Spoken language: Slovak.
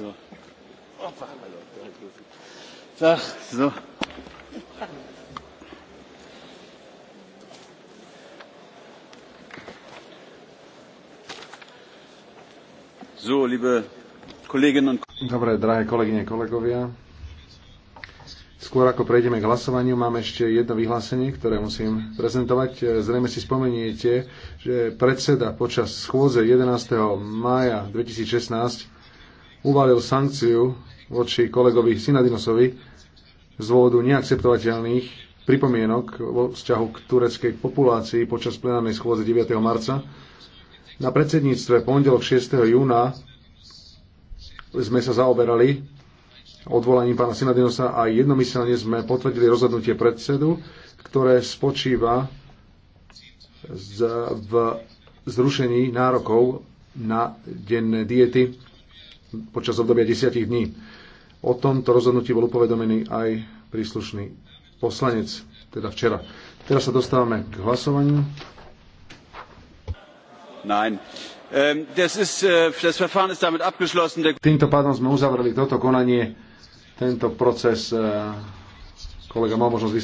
So. Tak, so. So, liebe Kolleginnen und Dobre, drahé kolegyne, kolegovia. Skôr ako prejdeme k hlasovaniu, mám ešte jedno vyhlásenie, ktoré musím prezentovať. Zrejme si spomeniete, že predseda počas schôdze 11. mája 2016 uvalil sankciu voči kolegovi Sinadinosovi z dôvodu neakceptovateľných pripomienok vo vzťahu k tureckej populácii počas plenárnej schôdze 9. marca. Na predsedníctve pondelok 6. júna sme sa zaoberali odvolaním pána Sinadinosa a jednomyselne sme potvrdili rozhodnutie predsedu, ktoré spočíva v zrušení nárokov na denné diety počas obdobia desiatich dní. O tomto rozhodnutí bol upovedomený aj príslušný poslanec, teda včera. Teraz sa dostávame k hlasovaniu. Nein. Ähm, das ist, äh, das Verfahren ist damit abgeschlossen. Týmto pádom sme uzavreli toto konanie, tento proces. Äh, kolega mal možnosť